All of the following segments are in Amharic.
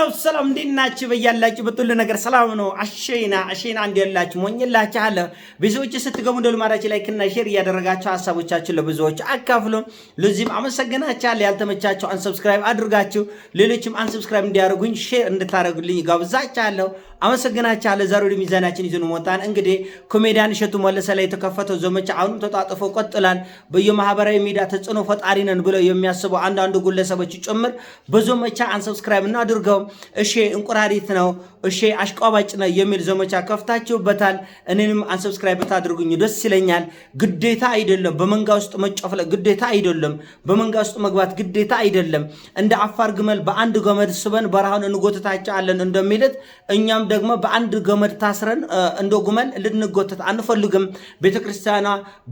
ነው ሰላም፣ እንዴት ናችሁ? በያላችሁ በጥሉ ነገር ሰላም ነው። አሸይና አሸይና እንደ ያላችሁ ሞኝላችሁ አለ ብዙዎች ስትገቡ እንደ ልማዳችሁ ላይክ እና ሼር እያደረጋችሁ ሀሳቦቻችሁ ለብዙዎች አካፍሉ። ለዚህም አመሰግናችኋለሁ። ያልተመቻችሁ አንሰብስክራይብ አድርጋችሁ ሌሎችም አንሰብስክራይብ እንዲያደርጉኝ ሼር እንድታደርጉልኝ ጋብዛችኋለሁ። አመሰግናችኋለሁ። ዛሬ ሚዛናችን ይዘን መጣን። እንግዲህ ኮሜዲያን እሸቱ መለሰ ላይ የተከፈተው ዘመቻ አሁንም ተጧጥፎ ቀጥሏል። በየማህበራዊ ሚዲያ ተጽዕኖ ፈጣሪ ነን ብለው የሚያስቡ አንዳንድ ግለሰቦች ጭምር በዘመቻ አንሰብስክራይብ እናድርገው እሺ እንቁራሪት ነው፣ እሺ አሽቋባጭ ነው የሚል ዘመቻ ከፍታችሁበታል። እኔንም አንሰብስክራይብ ብታደርጉኝ ደስ ይለኛል። ግዴታ አይደለም በመንጋ ውስጥ መጨፍለ ግዴታ አይደለም በመንጋ ውስጥ መግባት ግዴታ አይደለም። እንደ አፋር ግመል በአንድ ገመድ ስበን በረሃውን አለን እንደሚልት እኛም ደግሞ በአንድ ገመድ ታስረን እንደ ጉመል ልንጎተት አንፈልግም። ቤተክርስቲያኗ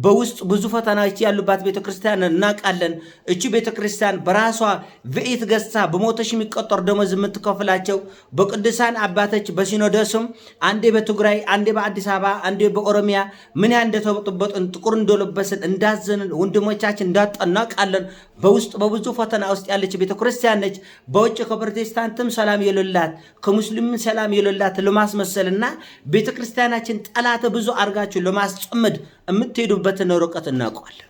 በውስጥ ብዙ ፈተናዎች ያሉባት ቤተክርስቲያን እናውቃለን። እቺ ቤተክርስቲያን በራሷ ብኢት ገዝታ በሞተሽ የሚቆጠር ደመወዝ የምትከ ስትከፍላቸው በቅዱሳን አባቶች በሲኖዶስም አንዴ በትግራይ አንዴ በአዲስ አበባ አንዴ በኦሮሚያ ምን ያህል እንደተበጡበጥን ጥቁር እንደለበስን እንዳዘንን ወንድሞቻችን እንዳጠናቃለን። በውስጥ በብዙ ፈተና ውስጥ ያለች ቤተክርስቲያን ነች። በውጭ ከፕሮቴስታንትም ሰላም የሌላት ከሙስሊም ሰላም የሌላት ለማስመሰልና ቤተክርስቲያናችን ጠላት ብዙ አድርጋችሁ ለማስጨመድ የምትሄዱበትን ርቀት እናውቀዋለን።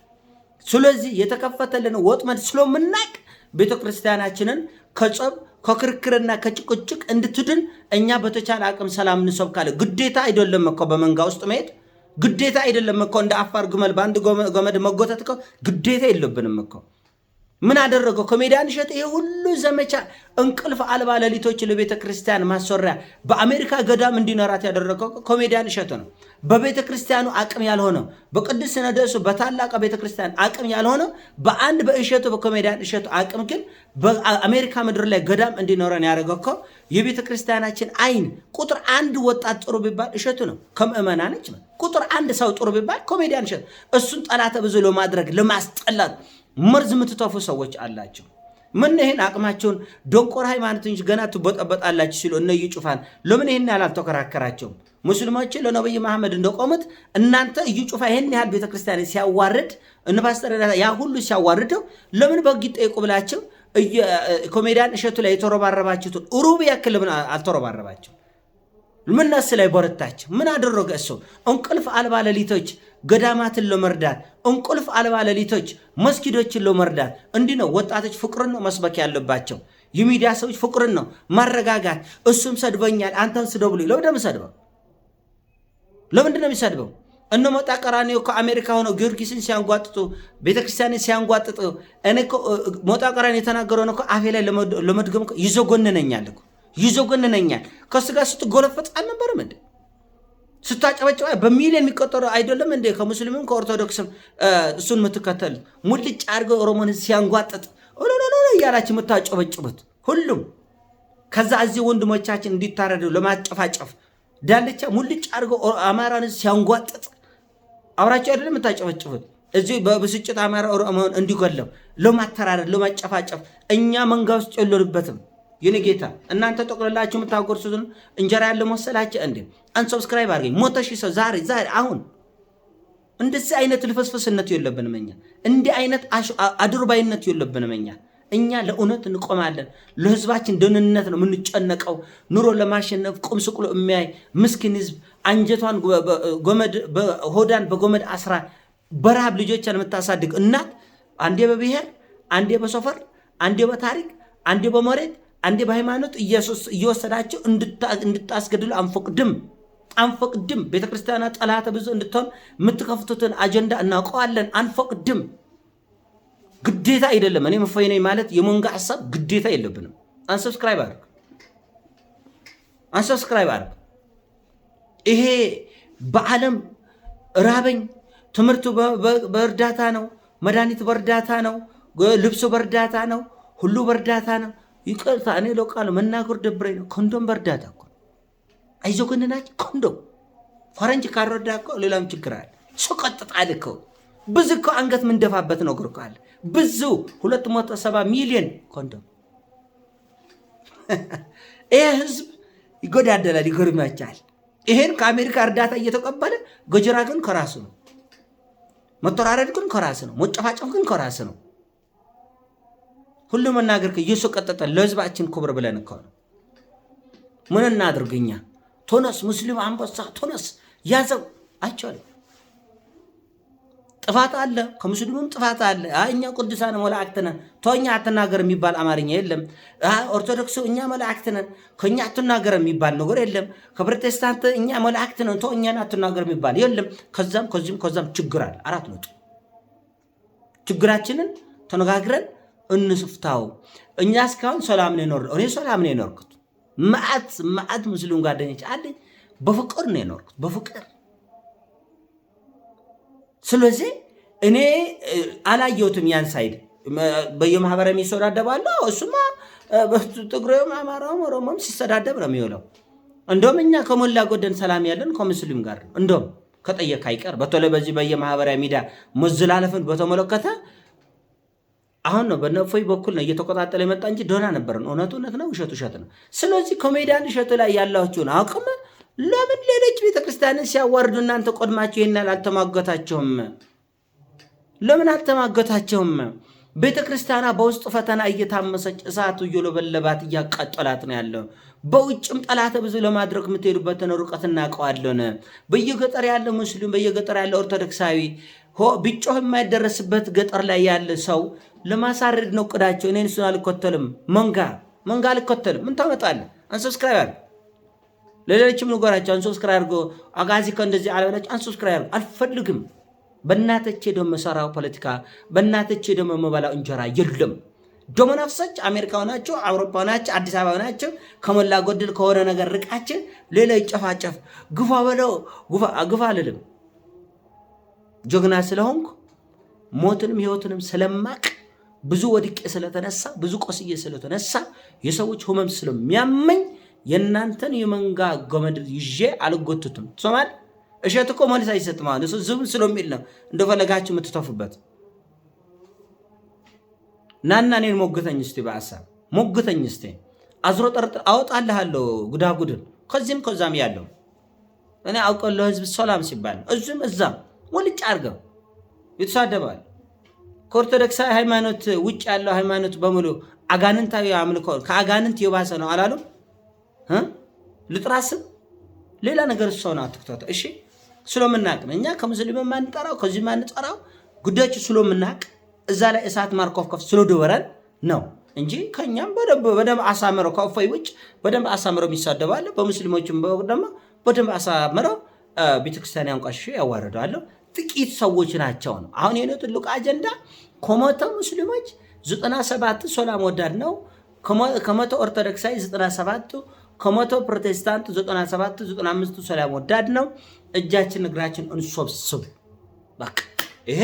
ስለዚህ የተከፈተልን ወጥመድ ስለምናቅ ቤተክርስቲያናችንን ከጸብ ከክርክርና ከጭቅጭቅ እንድትድን እኛ በተቻለ አቅም ሰላም እንሰብካለን። ግዴታ አይደለም እኮ በመንጋ ውስጥ መሄድ ግዴታ አይደለም እኮ እንደ አፋር ግመል በአንድ ገመድ መጎተት እኮ ግዴታ የለብንም እኮ። ምን አደረገው? ኮሜዲያን እሸቱ ይሄ ሁሉ ዘመቻ እንቅልፍ አልባ ሌሊቶች ለቤተ ክርስቲያን ማሰሪያ በአሜሪካ ገዳም እንዲኖራት ያደረገው ኮሜዲያን እሸቱ ነው። በቤተ ክርስቲያኑ አቅም ያልሆነ በቅዱስ ሲኖዶሱ በታላቅ ቤተ ክርስቲያን አቅም ያልሆነው በአንድ በእሸቱ በኮሜዲያን እሸቱ አቅም ግን በአሜሪካ ምድር ላይ ገዳም እንዲኖረን ያደረገው እኮ የቤተ ክርስቲያናችን አይን ቁጥር አንድ ወጣት ጥሩ ቢባል እሸቱ ነው። ከምእመናነች ቁጥር አንድ ሰው ጥሩ ቢባል ኮሜዲያን እሸቱ እሱን ጠላተ ብዙ ለማድረግ ለማስጠላት መርዝ የምትተፉ ሰዎች አላቸው። ምን ይህን አቅማቸውን ደንቆር ሃይማኖተኞች ገና ትበጠበጣላችሁ ሲሉ እነ እዩ ለምን ይህን ያህል አልተከራከራቸውም? ሙስሊሞች ለነብይ መሐመድ እንደቆሙት እናንተ እዩ ጩፋ ይህን ያህል ቤተክርስቲያን ሲያዋርድ እንባስተረ ያ ሁሉ ሲያዋርደው ለምን በግ ይጠይቁ ብላቸው ኮሜዲያን እሸቱ ላይ የተረባረባችሁትን ሩብ ያክል ምን አልተረባረባቸው ምን እሱ ላይ በረታች? ምን አደረገ እሱ? እንቅልፍ አልባ ሌሊቶች ገዳማትን ለመርዳት እንቅልፍ አልባ ሌሊቶች መስጊዶችን ለመርዳት እንዲህ ነው። ወጣቶች ፍቅርን ነው መስበክ ያለባቸው። የሚዲያ ሰዎች ፍቅርን ነው ማረጋጋት። እሱም ሰድበኛል፣ አንተን ስደብ ብሎ ለምንድን ነው የሚሰድበው? ለምንድን ነው የሚሰድበው? እነ ሞጣ ቀራኒዮ እኮ አሜሪካ ሆነው ጊዮርጊስን ሲያንጓጥጡ ቤተክርስቲያንን ሲያንጓጥጡ እኔ ሞጣ ቀራኒዮ የተናገረውን እኮ አፌ ላይ ለመድገም ይዞ ይዘጎንነኛል እኮ ይዞ ገነነኛል። ከሱ ጋር ስትጎለፈጥ አልነበርም እንዴ? ስታጨበጭባ በሚሊዮን የሚቆጠሩ አይደለም እንዴ? ከሙስሊምም ከኦርቶዶክስም እሱን የምትከተል ሙልጭ አድርገ ኦሮሞን ሲያንጓጥጥ እያላችሁ የምታጨበጭቡት ሁሉም ከዛ እዚህ ወንድሞቻችን እንዲታረዱ ለማጨፋጨፍ ዳልቻ ሙልጭ አድርገ አማራን ሲያንጓጥጥ አብራቸው አይደለም የምታጨበጭቡት እዚህ በብስጭት አማራ ኦሮሞን እንዲጎለም ለማተራረድ ለማጨፋጨፍ እኛ መንጋ ውስጥ የለንበትም። የኔ ጌታ እናንተ ጠቅለላችሁ የምታጎርሱትን እንጀራ ያለ መሰላችሁ እንዴ? አንሰብስክራይብ አድርገኝ። ሞተ ሺህ ሰው ዛሬ ዛሬ አሁን እንደዚህ አይነት ልፈስፈስነት የለብንም እኛ። እንዲህ አይነት አድርባይነት የለብንም እኛ። እኛ ለእውነት እንቆማለን። ለህዝባችን ደህንነት ነው የምንጨነቀው። ኑሮ ለማሸነፍ ቁም ስቅሎ የሚያይ ምስኪን ህዝብ አንጀቷን ሆዳን በጎመድ አስራ በረሃብ ልጆቿን የምታሳድግ እናት አንዴ በብሔር አንዴ በሰፈር አንዴ በታሪክ አንዴ በመሬት አንዴ በሃይማኖት እየወሰዳቸው እንድታስገድሉ አንፈቅድም አንፈቅድም። ቤተክርስቲያና ጠላተ ብዙ እንድትሆን የምትከፍቱትን አጀንዳ እናውቀዋለን። አንፈቅድም። ግዴታ አይደለም። እኔ መፋይ ነኝ ማለት የሞንጋ ሀሳብ ግዴታ የለብንም። አንሰብስክራይብ አድርግ፣ አንሰብስክራይብ አድርግ። ይሄ በዓለም ራበኝ፣ ትምህርቱ በእርዳታ ነው፣ መድኃኒት በእርዳታ ነው፣ ልብሱ በእርዳታ ነው፣ ሁሉ በእርዳታ ነው። ይቅርታ፣ እኔ ለቃሉ መናገር ደብረኝ ነው። ኮንዶም በእርዳታ እኮ ግን ክንናች ኮንዶም ፈረንጅ ካልረዳ እኮ ሌላም ችግር አለ። ሱቀጥጣል እኮ ብዙ እኮ አንገት ምንደፋበት ነገር እኮ አለ። ብዙ ሁለት መቶ ሰባ ሚሊዮን ኮንዶም ይህ ህዝብ ይጎዳደላል፣ ይጎርማቻል። ይሄን ከአሜሪካ እርዳታ እየተቀበለ ጎጀራ ግን ከራሱ ነው። መተራረድ ግን ከራስ ነው። መጨፋጨፍ ግን ከራስ ነው። ሁሉ መናገር ኢየሱስ ቀጠጠ ለህዝባችን ክብር ብለን እኮ ነው። ምን እናድርግኛ? ቶነስ ሙስሊም አንበሳ ቶነስ ያዘው አይቻልም። ጥፋት አለ፣ ከሙስሊሙም ጥፋት አለ። እኛ ቅዱሳን መላእክትነ ነን ተኛ አትናገር የሚባል አማርኛ የለም። ኦርቶዶክሱ እኛ መላእክትነ ከኛ አትናገር የሚባል ነገር የለም። ከፕሮቴስታንት እኛ መላእክትነ ነን ተኛን አትናገር የሚባል የለም። ከዛም ከዚህም ከዛም ችግር አለ። አራት ነጥብ ችግራችንን ተነጋግረን እንስፍታው። እኛ እስካሁን ሰላም ነው የኖርነው። እኔ ሰላም ነው የኖርኩት። መዓት መዓት ሙስሊም ጓደኞች አለኝ። በፍቅር ነው የኖርኩት፣ በፍቅር ስለዚህ እኔ አላየሁትም። ያን ሳይድ በየማህበረ የሚሰዳደባለ እሱማ ትግሬውም፣ አማራውም፣ ኦሮሞም ሲሰዳደብ ነው የሚውለው። እንደውም እኛ ከሞላ ጎደን ሰላም ያለን ከሙስሊም ጋር ነው። እንደውም ከጠየቅ አይቀር በተለይ በዚህ በየማህበራዊ ሚዲያ መዘላለፍን በተመለከተ አሁን ነው በነፎይ በኩል ነው እየተቆጣጠለ የመጣ እንጂ ደህና ነበርን። እውነት እውነት ነው፣ ውሸት ውሸት ነው። ስለዚህ ኮሜዲያን እሸቱ ላይ ያላችሁን አቅም ለምን ሌሎች ቤተክርስቲያንን ሲያዋርዱ እናንተ ቆድማቸው ይህን አልተማገታቸውም? ለምን ቤተ ቤተክርስቲያኗ በውስጥ ፈተና እየታመሰች እሳቱ እየለበለባት እያቃጠላት ነው ያለው። በውጭም ጠላተ ብዙ ለማድረግ የምትሄዱበትን ርቀት እናውቀዋለን። በየገጠር ያለ ሙስሊም፣ በየገጠር ያለ ኦርቶዶክሳዊ ቢጮህ የማይደረስበት ገጠር ላይ ያለ ሰው ለማሳረድ ነው ቅዳቸው። እኔ እሱን አልከተልም፣ መንጋ መንጋ አልከተልም። ምን ታመጣለህ? አንሶብስክራይብ አድርግ። ለሌሎችም ንገራቸው፣ አንሶብስክራይብ አድርጎ አጋዚ ከእንደዚህ አለበላቸው፣ አንሶብስክራይብ አድርጎ አልፈልግም። በእናተቼ ደሞ መሰራው ፖለቲካ፣ በእናተቼ ደሞ መበላው እንጀራ የለም። ደሞ ነፍሶች አሜሪካ ሆናቸው፣ አውሮፓ ሆናቸው፣ አዲስ አበባ ሆናቸው፣ ከሞላ ጎደል ከሆነ ነገር ርቃችን ሌላ ይጨፋጨፍ ግፋ በለው ግፋ አልልም። ጀግና ስለሆንኩ ሞትንም ህይወትንም ስለማቅ ብዙ ወድቄ ስለተነሳ ብዙ ቆስዬ ስለተነሳ የሰዎች ህመም ስለሚያመኝ የእናንተን የመንጋ ገመድ ይዤ አልጎትትም። ሶማል እሸት እኮ መልስ አይሰጥም። እሱ ዝም ስለሚል ነው እንደፈለጋችሁ የምትተፉበት። ናና እኔን ሞግተኝ እስቲ፣ በአሳብ ሞግተኝ እስቲ። አዝሮ ጠርጥር አወጣልሃለሁ ጉዳጉድን ከዚህም ከዛም ያለው እኔ አውቀለሁ። ህዝብ ሰላም ሲባል እዚህም እዛም ሙልጭ አድርገው ይተሳደባል። ከኦርቶዶክሳዊ ሃይማኖት ውጭ ያለው ሃይማኖት በሙሉ አጋንንታዊ አምልኮ ከአጋንንት የባሰ ነው አላሉ። ልጥራስም ሌላ ነገር እሷ ነው አትክቶተ እሺ ስለምናቅ ነው እኛ ከሙስሊም የማንጠራው ከዚህ የማንጠራው ጉዳዮች ስለምናቅ እዛ ላይ እሳት ማርከፍከፍ ስለደወረን ነው እንጂ ከእኛም በደንብ አሳምረው ከእፎይ ውጭ በደንብ አሳምረው የሚሳደባለ በሙስሊሞችም ደግሞ በደንብ አሳምረው ቤተክርስቲያን ያንቋሽ ያዋረደዋለሁ። ጥቂት ሰዎች ናቸው ነው። አሁን የኔ ትልቁ አጀንዳ ከመቶ ሙስሊሞች 97ቱ ሰላም ወዳድ ነው። ከመቶ ኦርቶዶክሳዊ 97ቱ፣ ከመቶ ፕሮቴስታንት 97ቱ፣ 95ቱ ሰላም ወዳድ ነው። እጃችን እግራችን እንሰብስብ። በቃ ይሄ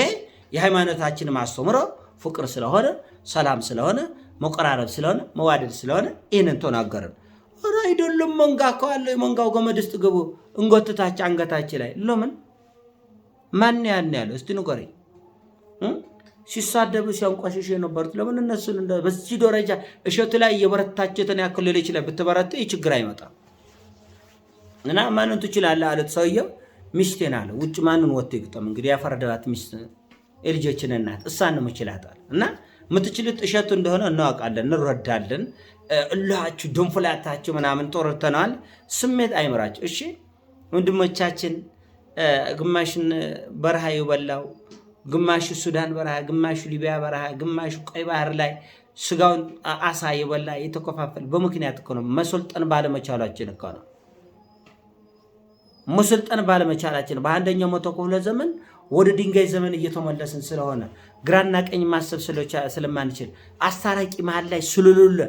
የሃይማኖታችን ማስተምሮ ፍቅር ስለሆነ ሰላም ስለሆነ መቆራረብ ስለሆነ መዋደድ ስለሆነ ይህንን ተናገርን። ኧረ አይደለም መንጋ ከዋለ መንጋው ገመድ ውስጥ ግቡ እንጎትታች አንገታች ላይ ለምን ማን ያን ያለው እስቲ ንገረኝ። ሲሳደቡ ሲያንቋሽሽ የነበሩት ለምን እነሱን እንደ በዚህ ደረጃ እሸቱ ላይ የበረታችትን ያክል ሌሎች ላይ ብትበረታ ይህ ችግር አይመጣም። እና ማንን ትችላለህ አለት ሰውየው ሚስቴን አለ ውጭ ማንን ወጥቶ ይግጠም እንግዲህ ያፈረደባት ሚስት የልጆችን እናት እሳን ምችላታል እና ምትችልት እሸቱ እንደሆነ እናውቃለን፣ እንረዳለን። እላችሁ ድንፍላታችሁ ምናምን ጦርተነዋል። ስሜት አይምራችሁ እሺ ወንድሞቻችን ግማሽን በረሃ የበላው ግማሹ ሱዳን በረሃ፣ ግማሹ ሊቢያ በረሃ፣ ግማሹ ቀይ ባህር ላይ ስጋውን አሳ የበላ የተከፋፈል በምክንያት እኮ ነው። መሰልጠን ባለመቻላችን እኮ ነው። መሰልጠን ባለመቻላችን በአንደኛው መቶ ክፍለ ዘመን ወደ ድንጋይ ዘመን እየተመለስን ስለሆነ ግራና ቀኝ ማሰብ ስለማንችል አስታራቂ መሀል ላይ ስሉሉለ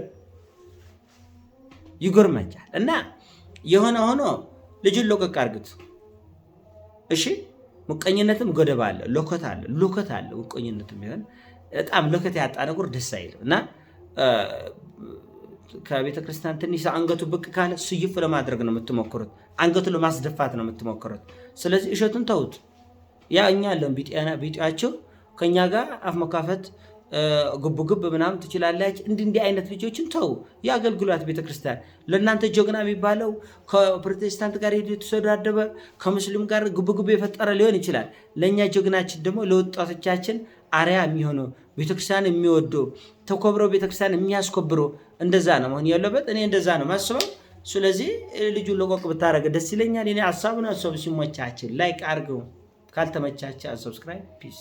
ይጎርመቻል እና የሆነ ሆኖ ልጅን ለቀቅ አርግት እሺ ምቀኝነትም ገደብ አለ፣ ሎከት አለ፣ ሎከት አለ። ምቀኝነትም ይሆን በጣም ሎከት ያጣ ነገር ደስ አይልም እና ከቤተ ክርስቲያን ትንሽ አንገቱ ብቅ ካለ ስይፍ ለማድረግ ነው የምትሞክሩት፣ አንገቱ ለማስደፋት ነው የምትሞክሩት። ስለዚህ እሸቱን ተውት። ያ እኛ ያለን ቢጤያቸው ከእኛ ጋር አፍ መካፈት ጉብጉብ ምናምን ትችላላች። እንዲ እንዲህ አይነት ልጆችን ተው፣ የአገልግሏት ቤተክርስቲያን ለእናንተ ጀግና የሚባለው ከፕሮቴስታንት ጋር ሄዶ የተሰዳደበ ከሙስሊም ጋር ጉብጉብ የፈጠረ ሊሆን ይችላል። ለእኛ ጀግናችን ደግሞ ለወጣቶቻችን አርያ የሚሆኑ ቤተክርስቲያን የሚወዱ ተኮብረው ቤተክርስቲያን የሚያስኮብሩ እንደዛ ነው መሆን ያለበት። እኔ እንደዛ ነው ማስበው። ስለዚህ ልጁን ለቆቅ ብታደረገ ደስ ይለኛል። እኔ ሀሳቡን አሰብ ሲሞቻችን ላይክ አርገው ካልተመቻቸ ሰብስክራይብ ፒስ